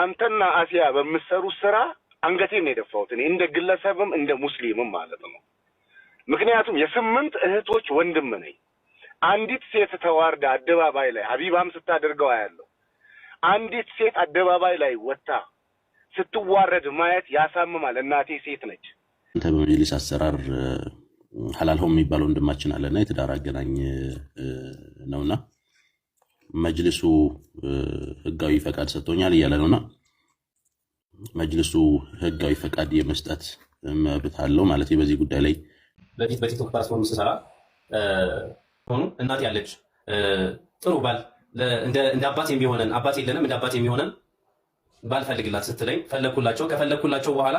አንተና አሲያ በምትሰሩት ስራ አንገቴን ነው የደፋሁት እኔ እንደ ግለሰብም እንደ ሙስሊምም ማለት ነው። ምክንያቱም የስምንት እህቶች ወንድም ነኝ። አንዲት ሴት ተዋርዳ አደባባይ ላይ ሀቢባም ስታደርገው ያለው አንዲት ሴት አደባባይ ላይ ወጥታ ስትዋረድ ማየት ያሳምማል። እናቴ ሴት ነች። አንተ በመጅሊስ አሰራር ሀላልሆ የሚባለ ወንድማችን አለና የትዳር አገናኝ ነውና መጅልሱ ህጋዊ ፈቃድ ሰጥቶኛል እያለ ነውና መጅልሱ ህጋዊ ፈቃድ የመስጠት መብት አለው ማለት በዚህ ጉዳይ ላይ በፊት በቲክቶክ ፕላትፎርም ስሰራ ሆኑ እናት ያለች ጥሩ ባል እንደ አባት የሚሆነን አባት የለንም እንደ አባት የሚሆነን ባል ፈልግላት ስትለኝ ፈለግኩላቸው። ከፈለግኩላቸው በኋላ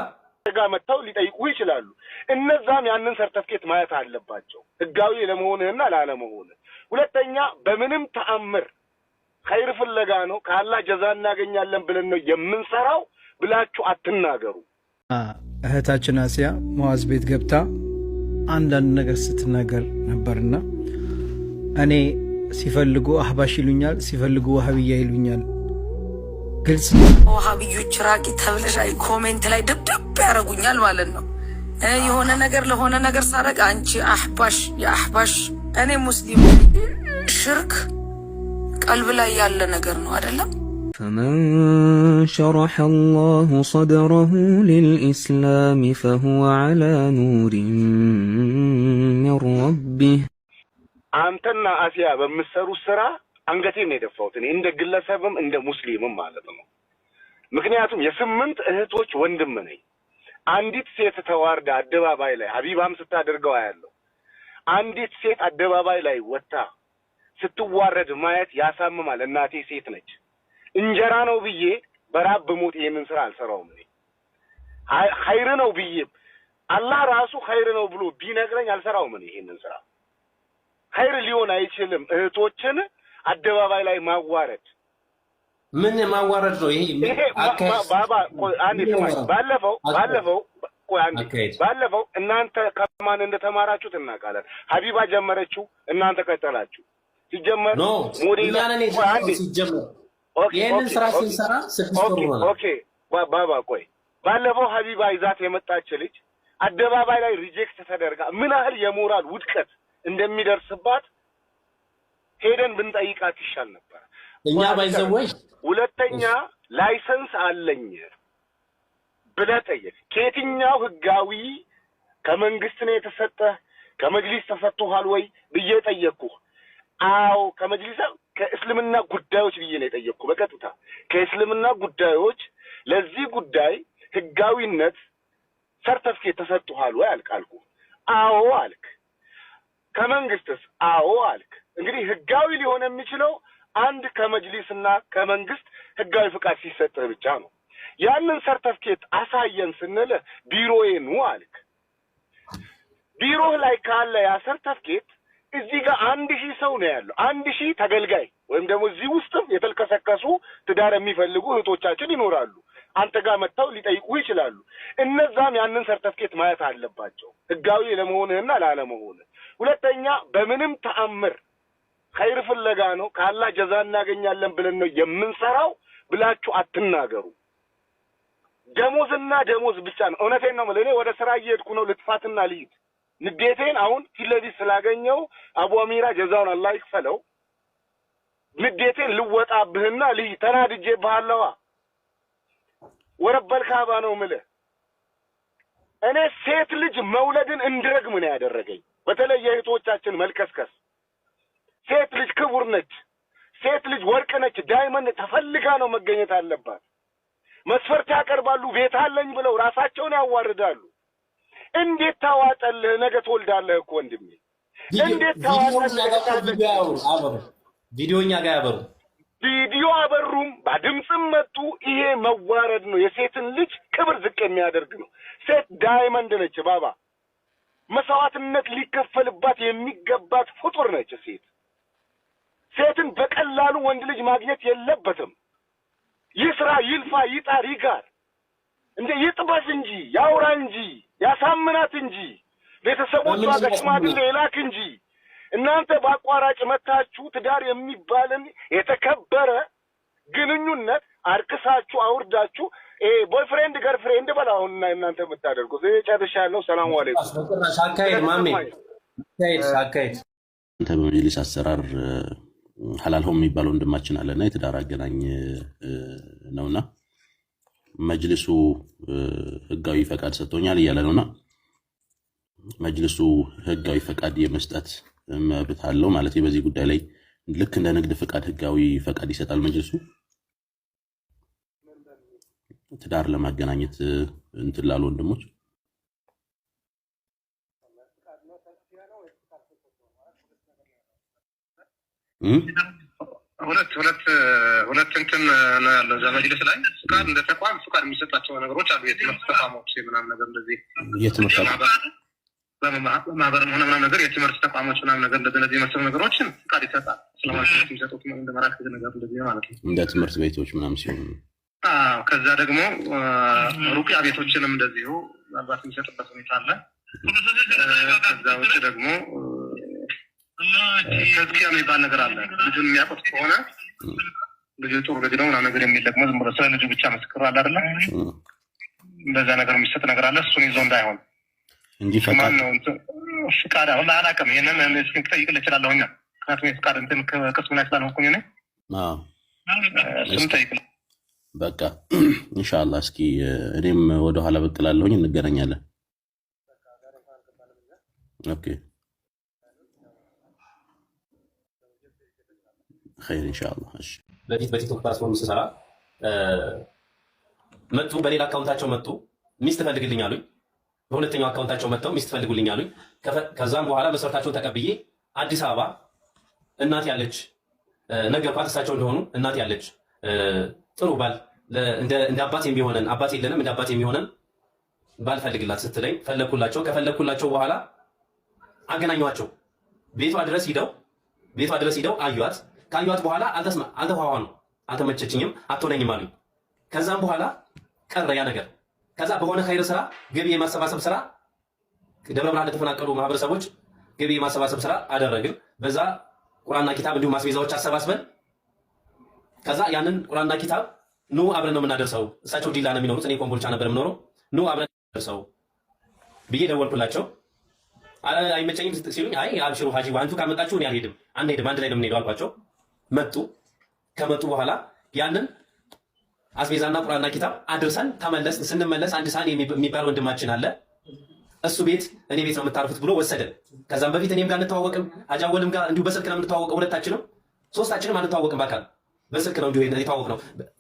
ጋ መጥተው ሊጠይቁ ይችላሉ። እነዛም ያንን ሰርተፍኬት ማየት አለባቸው ህጋዊ ለመሆንህና ላለመሆንህ። ሁለተኛ በምንም ተአምር ኸይር ፍለጋ ነው ከአላህ ጀዛ እናገኛለን ብለን ነው የምንሰራው ብላችሁ አትናገሩ። እህታችን አሲያ መዋዝ ቤት ገብታ አንዳንድ ነገር ስትናገር ነበርና እኔ ሲፈልጉ አህባሽ ይሉኛል፣ ሲፈልጉ ዋህብያ ይሉኛል። ግልጽ ዋህብዮች ራቂ ተብለሽ አይ ኮሜንት ላይ ደብደብ ያደረጉኛል ማለት ነው። የሆነ ነገር ለሆነ ነገር ሳረግ አንቺ አህባሽ የአህባሽ እኔ ሙስሊም ሽርክ ቀልብ ላይ ያለ ነገር ነው አይደለም። ፈመን ሸረሐ አላሁ ሰድረሁ ሊልኢስላም ፈሁወ ዐላ ኑሪን ሚን ረቢህ። አንተና አሲያ በምትሰሩት ስራ አንገቴን ነው የደፋሁት እኔ እንደ ግለሰብም እንደ ሙስሊምም ማለት ነው። ምክንያቱም የስምንት እህቶች ወንድም ነኝ። አንዲት ሴት ተዋርዳ አደባባይ ላይ ሀቢባም ስታደርገው አያለሁ። አንዲት ሴት አደባባይ ላይ ወጥታ ስትዋረድ ማየት ያሳምማል። እናቴ ሴት ነች። እንጀራ ነው ብዬ በራብ ብሞት ይህንን ስራ አልሰራውም። እኔ ኸይር ነው ብዬ አላህ ራሱ ኸይር ነው ብሎ ቢነግረኝ አልሰራውም። እኔ ይህንን ስራ ኸይር ሊሆን አይችልም። እህቶችን አደባባይ ላይ ማዋረድ ምን ማዋረድ ነው ይሄ? ባለፈው ባለፈው ባለፈው እናንተ ከማን እንደተማራችሁት እናውቃለን። ሀቢባ ጀመረችው፣ እናንተ ቀጠላችሁ። ሲጀመር ስራ ስንሰራ ስድስት ወር ባባ ቆይ ባለፈው ሀቢባ ይዛት የመጣች ልጅ አደባባይ ላይ ሪጀክት ተደርጋ ምን ያህል የሞራል ውድቀት እንደሚደርስባት ሄደን ብንጠይቃት ይሻል ነበር። እኛ ባይዘወይ ሁለተኛ ላይሰንስ አለኝ ብለህ ጠየቅ። ከየትኛው ህጋዊ ከመንግስት ነው የተሰጠህ? ከመግሊስ ተሰጥቶሃል ወይ ብዬ ጠየቅኩህ። አዎ ከመጅሊሳ ከእስልምና ጉዳዮች ብዬ ነው የጠየቅኩ። በቀጥታ ከእስልምና ጉዳዮች ለዚህ ጉዳይ ህጋዊነት ሰርተፍኬት ተሰጥቷል ወይ አልክ አልኩ። አዎ አልክ። ከመንግስትስ? አዎ አልክ። እንግዲህ ህጋዊ ሊሆን የሚችለው አንድ ከመጅሊስና ከመንግስት ህጋዊ ፍቃድ ሲሰጥህ ብቻ ነው። ያንን ሰርተፍኬት አሳየን ስንልህ ቢሮዬ ኑ አልክ። ቢሮህ ላይ ካለ ያ ሰርተፍኬት እዚህ ጋር አንድ ሺህ ሰው ነው ያለው። አንድ ሺህ ተገልጋይ ወይም ደግሞ እዚህ ውስጥም የተልከሰከሱ ትዳር የሚፈልጉ እህቶቻችን ይኖራሉ። አንተ ጋር መጥተው ሊጠይቁ ይችላሉ። እነዛም ያንን ሰርተፍኬት ማየት አለባቸው፣ ህጋዊ ለመሆንህና ላለመሆንህ። ሁለተኛ በምንም ተአምር ኸይር ፍለጋ ነው ካላ ጀዛ እናገኛለን ብለን ነው የምንሰራው ብላችሁ አትናገሩ። ደሞዝና ደሞዝ ብቻ ነው። እውነቴን ነው የምልህ። እኔ ወደ ስራ እየሄድኩ ነው፣ ልጥፋትና ልሂድ ንዴቴን አሁን ፊት ለፊት ስላገኘው አሚራ ጀዛውን አላህ ይክፈለው። ንዴቴን ልወጣብህና ልይ ተናድጄ ባለዋ ወረበል ካባ ነው ምልህ። እኔ ሴት ልጅ መውለድን እንድረግ ምን ያደረገኝ። በተለይ የእህቶቻችን መልከስከስ ሴት ልጅ ክቡር ነች። ሴት ልጅ ወርቅ ነች፣ ዳይመንድ ተፈልጋ ነው መገኘት አለባት። መስፈርት ያቀርባሉ። ቤት አለኝ ብለው ራሳቸውን ያዋርዳሉ። እንዴት ታዋጠልህ? ነገ ትወልዳለህ እኮ ወንድሜ። እንዴት ታዋጠልህ? ቪዲዮ እኛ ጋር ያበሩ ቪዲዮ አበሩም በድምፅም መጡ። ይሄ መዋረድ ነው። የሴትን ልጅ ክብር ዝቅ የሚያደርግ ነው። ሴት ዳይመንድ ነች ባባ፣ መስዋዕትነት ሊከፈልባት የሚገባት ፍጡር ነች። ሴት ሴትን በቀላሉ ወንድ ልጅ ማግኘት የለበትም። ይስራ፣ ይልፋ፣ ይጣር፣ ይጋር እንደ ይጥበስ እንጂ ያውራ እንጂ ያሳምናት እንጂ ቤተሰቦቿ ጋር ሽማግሌ ይላክ እንጂ እናንተ በአቋራጭ መታችሁ ትዳር የሚባልን የተከበረ ግንኙነት አርክሳችሁ አውርዳችሁ ቦይፍሬንድ ገርፍሬንድ በላ አሁን እናንተ የምታደርጉት ጨርሻለሁ። ሰላም አለይኩም። አካሄድ በመጅሊስ አሰራር ሀላልሆም የሚባለው ወንድማችን አለና የትዳር አገናኝ ነውና መጅልሱ ህጋዊ ፈቃድ ሰጥቶኛል እያለ ነውና መጅልሱ ህጋዊ ፈቃድ የመስጠት መብት አለው ማለት በዚህ ጉዳይ ላይ ልክ እንደ ንግድ ፈቃድ ህጋዊ ፈቃድ ይሰጣል መጅልሱ ትዳር ለማገናኘት እንትን ላሉ ወንድሞች ሁለት ሁለት ሁለት እንትን ነው ያለው እዛ መጅልስ ላይ ፍቃድ እንደ ተቋም ፍቃድ የሚሰጣቸው ነገሮች አሉ። የትምህርት ተቋሞች ምናምን ነገር እንደዚህ በማህበር ሆነ ምናምን ነገር የትምህርት ተቋሞች ምናምን ነገር እንደዚህ መሰሉ ነገሮችን ፍቃድ ይሰጣል። ስለማሽነት የሚሰጡት እንደ መራክ ነገር እንደዚህ ማለት ነው። እንደ ትምህርት ቤቶች ምናምን ሲሆኑ ከዛ ደግሞ ሩቅያ ቤቶችንም እንደዚሁ ምናልባት የሚሰጥበት ሁኔታ አለ። ከዛ ውጭ ደግሞ ተዝኪያ የሚባል ነገር አለ። ልጁን የሚያውቁት ከሆነ ልጁ ጥሩ ልጅ ነው ምናምን ነገር የሚለቅመው ዝም ብሎ ስለ ልጁ ብቻ ምስክር አለ አይደለ? በዛ ነገር የሚሰጥ ነገር አለ። እሱን ይዞ እንዳይሆን ማን ነው ፍቃድ አሁን አላውቅም። ይህንን ጠይቅ ልችላለሁ እኛ ምክንያቱም የፍቃድ እንትን ቅስም ላይ ስላልሆንኩኝ እኔ እሱን ጠይቅ በቃ እንሻላ እስኪ እኔም ወደኋላ በቅላለሁኝ እንገናኛለን። ኦኬ ኸይር ኢንሻአላ። እሺ በፊት በቲክቶክ ፕላትፎርም ስሰራ መጡ፣ በሌላ አካውንታቸው መጡ፣ ሚስት ፈልግልኝ አሉኝ። በሁለተኛው አካውንታቸው መጥተው ሚስት ፈልጉልኝ አሉኝ። ከዛም በኋላ መስረታቸውን ተቀብዬ አዲስ አበባ እናት ያለች ነገርኳት፣ እሳቸው እንደሆኑ እናት ያለች ጥሩ ባል እንደ አባት የሚሆነን አባት የለንም፣ እንደ አባት የሚሆነን ባል ፈልግላት ስትለኝ ፈለግኩላቸው። ከፈለግኩላቸው በኋላ አገናኟቸው ቤቷ ድረስ ሂደው ቤቷ ድረስ ሂደው አዩዋት። ካዩት በኋላ አልተስማ አልተፋዋኑ አልተመቸችኝም አትሆነኝም አሉኝ። ከዛም በኋላ ቀረ ያ ነገር። ከዛ በሆነ ኸይር ስራ ገቢ የማሰባሰብ ስራ ደብረ ብርሃን ለተፈናቀሉ ማህበረሰቦች ገቢ የማሰባሰብ ስራ አደረግን። በዛ ቁርአንና ኪታብ እንዲሁም ማስቤዛዎች አሰባስበን ከዛ ያንን ቁርአንና ኪታብ ኑ አብረን ነው የምናደርሰው። እሳቸው ዲላ ነው የሚኖሩት፣ እኔ ኮምቦልቻ ነበር የምኖረው። ኑ አብረን ደርሰው ብዬ ደወልኩላቸው። አይመቸኝም ሲሉኝ አይ አብሽሩ ሀጂ ዋንቱ ካመጣችሁ እኔ አልሄድም፣ አንሄድም፣ አንድ ላይ ነው የምንሄደው አልኳቸው። መጡ። ከመጡ በኋላ ያንን አስቤዛና ቁርአንና ኪታብ አድርሰን ተመለስ። ስንመለስ አንድ ሳህን የሚባል ወንድማችን አለ። እሱ ቤት እኔ ቤት ነው የምታርፉት ብሎ ወሰደን። ከዛም በፊት እኔም ጋር እንተዋወቅም፣ አጃወልም ጋር እንዲሁ በስልክ ነው የምንተዋወቀው። ሁለታችንም ሶስታችንም አንተዋወቅም በአካል በስልክ ነው እንዲሁ የተዋወቅ ነው።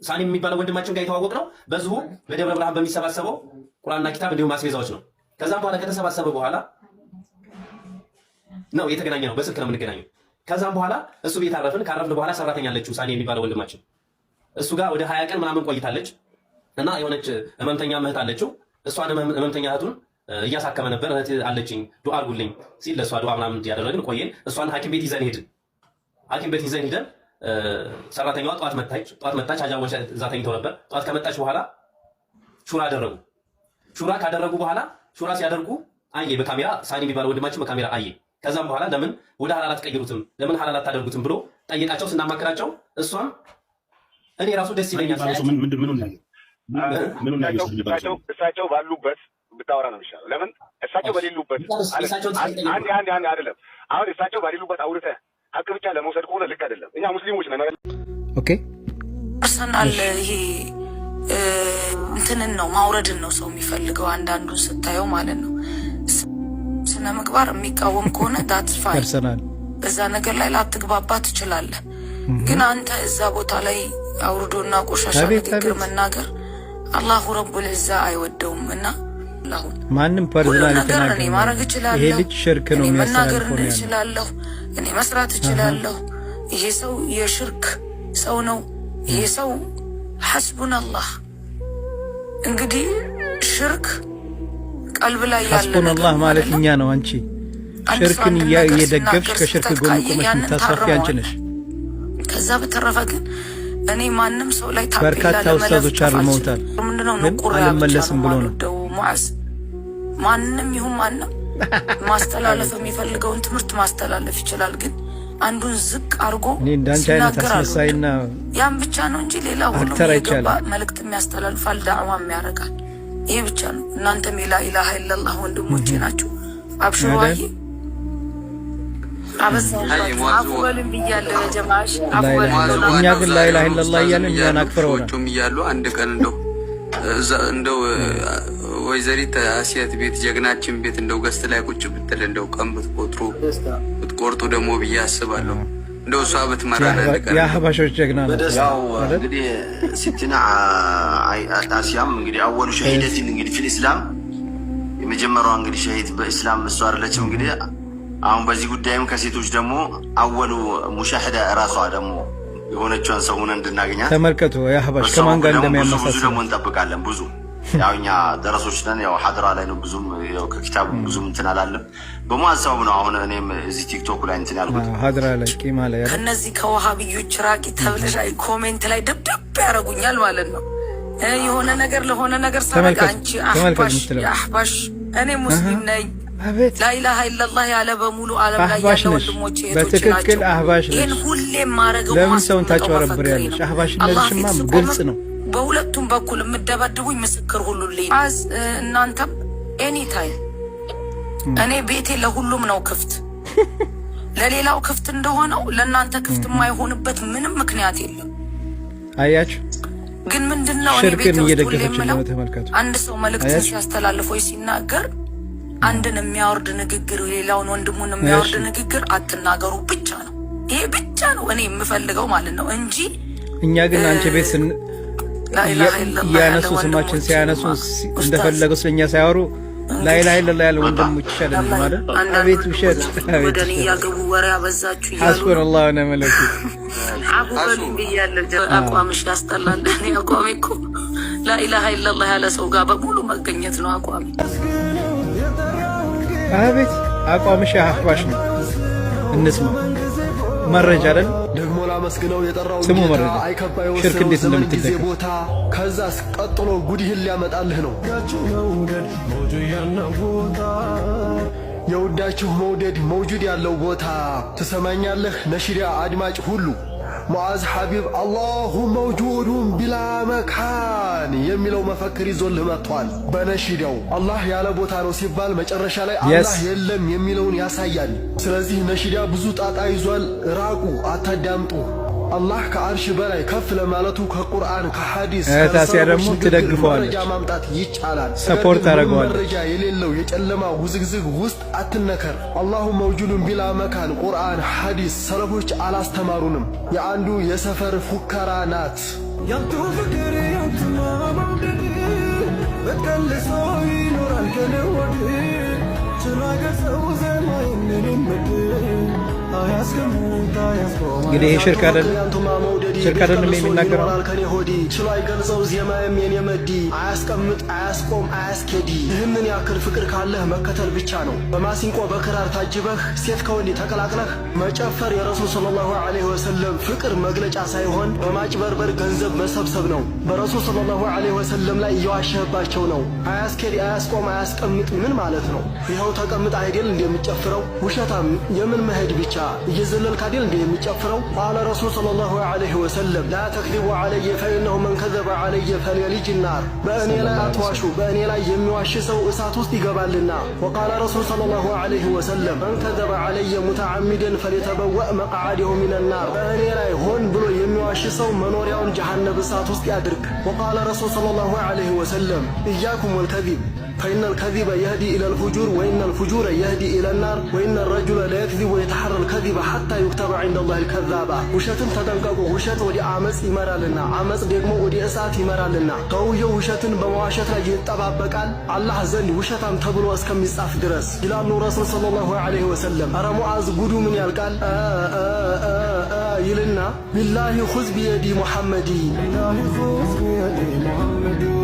ሳኒ የሚባለው ወንድማችን ጋር የተዋወቅ ነው በዚሁ በደብረ ብርሃን በሚሰባሰበው ቁርአንና ኪታብ እንዲሁም አስቤዛዎች ነው። ከዛም በኋላ ከተሰባሰበ በኋላ ነው የተገናኘ ነው። በስልክ ነው የምንገናኘው። ከዛም በኋላ እሱ ቤት አረፍን። ካረፍን በኋላ ሰራተኛ አለችው ሳኔ የሚባለው ወንድማችን እሱ ጋር ወደ ሀያ ቀን ምናምን ቆይታለች እና የሆነች ህመምተኛ እህት አለችው። እሷን ህመምተኛ እህቱን እያሳከመ ነበር። እህት አለችኝ ዱዓ አድርጉልኝ ሲል ለእሷ ዱዓ ምናምን እያደረግን ቆየን። እሷን ሐኪም ቤት ይዘን ሄድን። ሐኪም ቤት ይዘን ሄደን ሰራተኛዋ ጠዋት መታች። ጠዋት መታች አጃቦች እዛ ተኝተው ነበር። ጠዋት ከመጣች በኋላ ሹራ አደረጉ። ሹራ ካደረጉ በኋላ ሹራ ሲያደርጉ አየ በካሜራ ሳኒ የሚባለው ወንድማችን በካሜራ አየ። ከዛም በኋላ ለምን ወደ ሀላል አትቀይሩትም ለምን ሀላል አታደርጉትም ብሎ ጠይቃቸው ስናማክራቸው እሷም እኔ ራሱ ደስ ይለኛል። እሳቸው ባሉበት ብታወራ ነው የሚሻለው። ለምን እሳቸው በሌሉበት አይደለም። አሁን እሳቸው በሌሉበት አውርተህ ሀቅ ብቻ ለመውሰድ ከሆነ ልክ አይደለም። እኛ ሙስሊሞች ነን። ኦኬ ይሄ እንትንን ነው ማውረድን ነው ሰው የሚፈልገው አንዳንዱ ስታየው ማለት ነው ስነ ምግባር የሚቃወም ከሆነ ዳት ፋይን፣ እዛ ነገር ላይ ላትግባባ ትችላለህ። ግን አንተ እዛ ቦታ ላይ አውርዶና ቆሻሻ ንግግር መናገር አላሁ ረቡል ዕዛ አይወደውም እና ማንም ፐርዝናል ተናገር ማድረግ እችላለሁ። ይሄ ልጅ ሽርክ ነው መናገር እችላለሁ። እኔ መስራት እችላለሁ። ይሄ ሰው የሽርክ ሰው ነው። ይሄ ሰው ሐስቡን አላህ እንግዲህ ሽርክ ቀልብ ላይ ያለ ሐስቡነላህ ማለት እኛ ነው። አንቺ ሽርክን እየደገፍሽ ከሽርክ ጎን ቆመሽ የምታሳፊ አንቺ ነሽ። ከዛ በተረፈ ግን እኔ ማንም ሰው ላይ ታፔላ በርካታ ውስታዞች አርመውታል። ግን አልመለስም ብሎ ነው ሙዓዝ። ማንም ይሁን ማንም ማስተላለፍ የሚፈልገውን ትምህርት ማስተላለፍ ይችላል። ግን አንዱን ዝቅ አድርጎ ሲናገር ያን ብቻ ነው እንጂ ሌላ ሁሉ የገባ መልእክት የሚያስተላልፋል፣ ዳዕዋም ያደርጋል። ይህ ብቻ ነው። እናንተም የላ ኢላሀ ኢለላህ ወንድሞቼ ናችሁ። አብሽሩ አይ አንድ ቀን እንደው እንደው ወይዘሪት ቤት ጀግናችን ቤት እንደው ገስት ላይ ቁጭ ብትል እንደው ቀን ብትቆጥሩ ብትቆርጡ ደግሞ ብዬ አስባለሁ። እንደው እሷ ብትመራ የአህባሾች ጀግና ነው። እንግዲህ ሲትና አሲያም እንግዲህ አወሉ ሸሂደትን እንግዲህ ፊል ኢስላም የመጀመሪያዋ እንግዲህ ሸሂድ በኢስላም እሷ አይደለችም። እንግዲህ አሁን በዚህ ጉዳይም ከሴቶች ደግሞ አወሉ ሙሻሂዳ እራሷ ደግሞ የሆነችን ሰው ሆነ እንድናገኛት ተመልከቱ። የአህባሽ ከማን ጋር እንደሚያመሳስል ደግሞ እንጠብቃለን ብዙ ያው እኛ ደረሶች ነን። ያው ሀድራ ላይ ነው ብዙም ከኪታቡ ብዙም እንትን አላለም። በማዛውም ነው አሁን እኔም እዚህ ቲክቶክ ላይ እንትን ያልኩት ሀድራ ላይ ቂማ ላይ ከእነዚህ ከውሃብዮች ራቂ ተብለሽ ኮሜንት ላይ ደብደብ ያደርጉኛል ማለት ነው። የሆነ ነገር ለሆነ ነገር ሳረግ አንቺ አህባሽ አህባሽ፣ እኔ ሙስሊም ነኝ ላኢላሃ ኢለላህ ያለ በሙሉ ዓለም ላይ ያለ በትክክል አህባሽ ነሽ። ይህን ሁሌም ማድረገው ለምን መፈክሬ ነው። አላህ ፊት ስቆም ግልጽ ነው በሁለቱም በኩል የምደበድቡኝ ምስክር ሁሉ ልኝ አዝ እናንተም ኤኒታይም እኔ ቤቴ ለሁሉም ነው ክፍት። ለሌላው ክፍት እንደሆነው ለእናንተ ክፍት የማይሆንበት ምንም ምክንያት የለም። አያችሁ ግን ምንድን ነው እኔ ቤት የምለው አንድ ሰው መልእክት ሲያስተላልፍ ወይ ሲናገር አንድን የሚያወርድ ንግግር፣ ሌላውን ወንድሙን የሚያወርድ ንግግር አትናገሩ ብቻ ነው። ይሄ ብቻ ነው እኔ የምፈልገው ማለት ነው እንጂ እኛ ግን አንቺ ቤት እያነሱ ስማችን ሲያነሱ እንደፈለገው ስለኛ ሳያወሩ ላይላ ይለላ ያለ ወንድሞች ይሻላል ማለት አቤት ውሸት ወደኔ ወሬ አበዛችሁ አላህ መለኩ አቡ ብያለሁ። አቋምሽ ያስጠላል። እኔ አቋሜ እኮ ያለ ሰው ጋር በሙሉ መገኘት ነው አቋሜ። አቤት አቋምሽ አህባሽ ነው። እንስማ መረጃ አይደል ሊያመስግነው የጠራው ጌታ አይከባዩ የወሰነው ዘመን ቦታ። ከዛስ ቀጥሎ ጉድህን ሊያመጣልህ ነው። የውዳችሁ መውደድ መውጁድ ያለው ቦታ ትሰማኛለህ ነሽዳ አድማጭ ሁሉ ሙዓዝ ሐቢብ አላሁ መውጁዱን ቢላ መካን የሚለው መፈክር ይዞልህ መጥቷል። በነሺዳው አላህ ያለ ቦታ ነው ሲባል መጨረሻ ላይ አላህ የለም የሚለውን ያሳያል። ስለዚህ ነሺዳ ብዙ ጣጣ ይዟል። ራቁ፣ አታዳምጡ። አላህ ከአርሽ በላይ ከፍ ለማለቱ ከቁርአን ከሐዲስ ከታሲያ ደግሞ ትደግፈዋለች፣ ማምጣት ይቻላል። ሰፖርት አረገዋል። መረጃ የሌለው የጨለማ ውዝግዝግ ውስጥ አትነከር። አላሁ መውጁዱን ቢላ መካን። ቁርአን ሐዲስ ሰለፎች አላስተማሩንም። የአንዱ የሰፈር ፉከራ ናት። ያንቱ ፍቅር ያንቱ ማማውደድ በቀን ለሰው ይኖራል ከነወድ ስራ ገሰው ምድር እንግዲህ ይህ ሽርክ አይደለም፣ ሽርክ አይደለም የሚናገረው ከኔ ሆዲ ችሎ አይገልጸው ዜማዬም የኔ መዲ አያስቀምጥ አያስቆም አያስኬዲ። ይህንን ያክል ፍቅር ካለህ መከተል ብቻ ነው። በማሲንቆ በክራር ታጅበህ ሴት ከወንድ ተቀላቅለህ መጨፈር የረሱል ሰለላሁ ዐለይሂ ወሰለም ፍቅር መግለጫ ሳይሆን በማጭበርበር ገንዘብ መሰብሰብ ነው። በረሱል ሰለላሁ ዐለይሂ ወሰለም ላይ እየዋሸህባቸው ነው። አያስኬዲ አያስቆም አያስቀምጥ ምን ማለት ነው? ይኸው ተቀምጥ አይደል እንደሚጨፍረው ውሸታም የምን መሄድ ብቻ እየዘለልክ አይደል እንደ የሚጨፍረው ቃለ ረሱል ሰለላሁ ዐለይሂ ወሰለም ላ ተክዚቡ ዐለየ ፈኢነሁ መን ከዘበ ዐለየ ፈልየልጅ ናር። በእኔ ላይ አትዋሹ፣ በእኔ ላይ የሚዋሽ ሰው እሳት ውስጥ ይገባልና። ወቃለ ረሱል ሰለላሁ ዐለይሂ ወሰለም መን ከዘበ ዐለየ ሙተዓሚደን ፈሊተበወእ መቅዓደሁ ሚነ በእኔ ላይ ሆን ብሎ የሚዋሽ ሰው መኖሪያውን ጀሃነብ እሳት ውስጥ ያድርግ። ወቃለ ረሱል ሰለላሁ ዐለይሂ ወሰለም እያኩም ወልከዚብ فإن الكذب يهدي إلى الفجور وإن الفجور يهدي إلى النار وإن الرجل لا يكذب ويتحرى الكذب حتى يكتب عند الله الكذابة وشاتن تدنقق وشات ودي عمس إمارة لنا عمس ديقمو ودي أسات إمارة لنا قوية وشاتن بمواشات رجي التباب بكال الله زن وشاتن تبل واسكم يصاف درس إلى النور رسول صلى الله عليه وسلم أرى معاز قدو من يالكال آآ آآ آآ آآ يلنا بالله خذ بيدي محمدي بالله خذ بيدي محمدي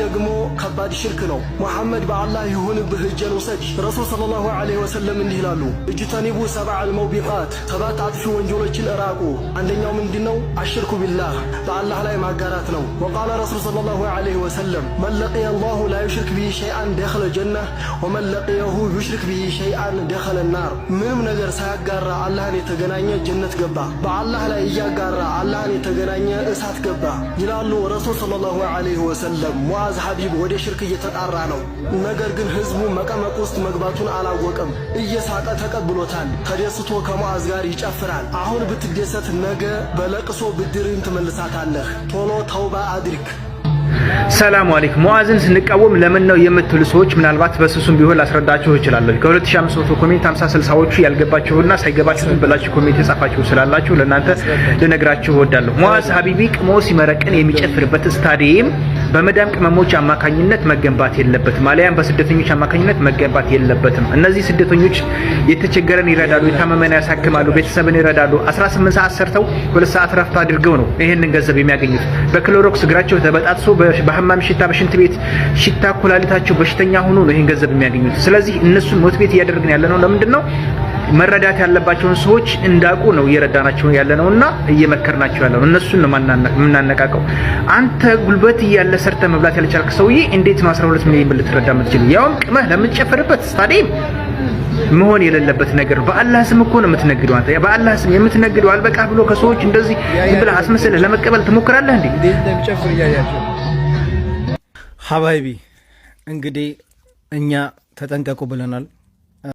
ደግሞ ከባድ ሽርክ ነው። ሙሐመድ በአላህ ይሁንብህ እጄን ውሰድ። ረሱል ሰለላሁ ዐለይሂ ወሰለም እንዲህ ይላሉ፣ እጅተኒቡ ሰብዐ አልመውቢቃት፣ ሰባት አጥፊ ወንጀሎችን እራቁ። አንደኛው ምንድነው አሽርኩ ቢላህ፣ በአላህ ላይ ማጋራት ነው። ወቃለ ረሱል ሰለላሁ ዐለይሂ ወሰለም መን ለቅየ አላሁ ላ ዩሽርክ ብሂ ሸይአን ደኸለ ጀነህ ወመን ለቅየሁ ዩሽርክ ብሂ ሸይአን ደኸለ ናር። ምንም ነገር ሳያጋራ አላህን የተገናኘ ጀነት ገባ፣ በአላህ ላይ እያጋራ አላህን የተገናኘ እሳት ገባ ይላሉ ረሱል ሰለላሁ ዐለይሂ ወሰለም። ሙዓዝ ሀቢብ ወደ ሽርክ እየተጣራ ነው። ነገር ግን ህዝቡ መቀመቅ ውስጥ መግባቱን አላወቅም። እየሳቀ ተቀብሎታል። ተደስቶ ከሙዓዝ ጋር ይጨፍራል። አሁን ብትደሰት ነገ በለቅሶ ብድርን ትመልሳታለህ። ቶሎ ተውባ አድርግ። ሰላም አለይኩም። ሙአዝን ስንቃወም ለምን ነው የምትሉ ሰዎች ምናልባት በስሱም ቢሆን ላስረዳችሁ እችላለሁ። ከ2500 ኮሜንት 50 60ዎቹ ያልገባችሁና ሳይገባችሁ ዝም ብላችሁ ኮሜንት የጻፋችሁ ስላላችሁ ለእናንተ ልነግራችሁ እወዳለሁ። ሙአዝ ሀቢቢ ቅሞ ሲመረቅን የሚጨፍርበት ስታዲየም በመዳም ቅመሞች አማካኝነት መገንባት የለበትም፣ አሊያም በስደተኞች አማካኝነት መገንባት የለበትም። እነዚህ ስደተኞች የተቸገረን ይረዳሉ፣ የታመመን ያሳክማሉ፣ ቤተሰብን ይረዳሉ። 18 ሰዓት ሰርተው ሁለት ሰዓት ረፍት አድርገው ነው ይህንን ገንዘብ የሚያገኙት። በክሎሮክስ እግራቸው ተበጣጥሶ በህማም ሽታ፣ በሽንት ቤት ሽታ ኩላሊታቸው በሽተኛ ሆኖ ነው ይሄን ገንዘብ የሚያገኙት። ስለዚህ እነሱን ሞቲቬት እያደረግን ያለ ነው ለምንድን ነው መረዳት ያለባቸውን ሰዎች እንዳውቁ ነው እየረዳናቸው ያለ ነው እና እየመከርናቸው ያለ ነው። እነሱን ነው የምናነቃቀው። አንተ ጉልበት እያለ ሰርተ መብላት ያልቻልክ ሰውዬ እንዴት ነው 12 ሚሊዮን ብር ልትረዳ የምትችል? ያውም ቅመህ ለምትጨፍርበት ስታዲየም መሆን የሌለበት ነገር በአላህ ስም እኮ ነው የምትነግደው። አንተ በአላህ ስም የምትነግደው አልበቃ ብሎ ከሰዎች እንደዚህ ብላ አስመስለህ ለመቀበል ትሞክራለህ እንዴ? ሀባይቢ እንግዲህ እኛ ተጠንቀቁ ብለናል።